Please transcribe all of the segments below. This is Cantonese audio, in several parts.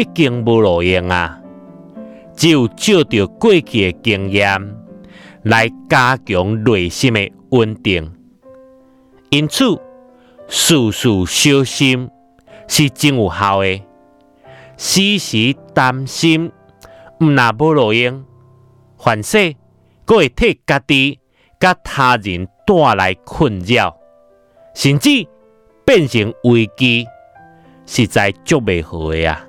已經無路用啊！只有借着過去嘅經驗來加強內心嘅穩定，因此事事小心是真有效嘅。時時擔心，毋若無路用，凡勢閣會替家己甲他人帶來困擾，甚至變成危機，實在足毋好啊！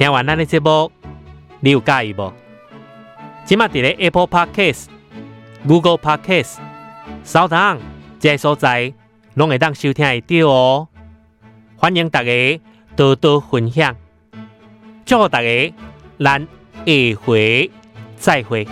聽完咱的節目，你有介意無？即刻在 Apple Podcast、Google Podcast、SoundOn 這些所在，攏會當收聽得到哦。歡迎大家多多分享，祝福大家，咱下回再會。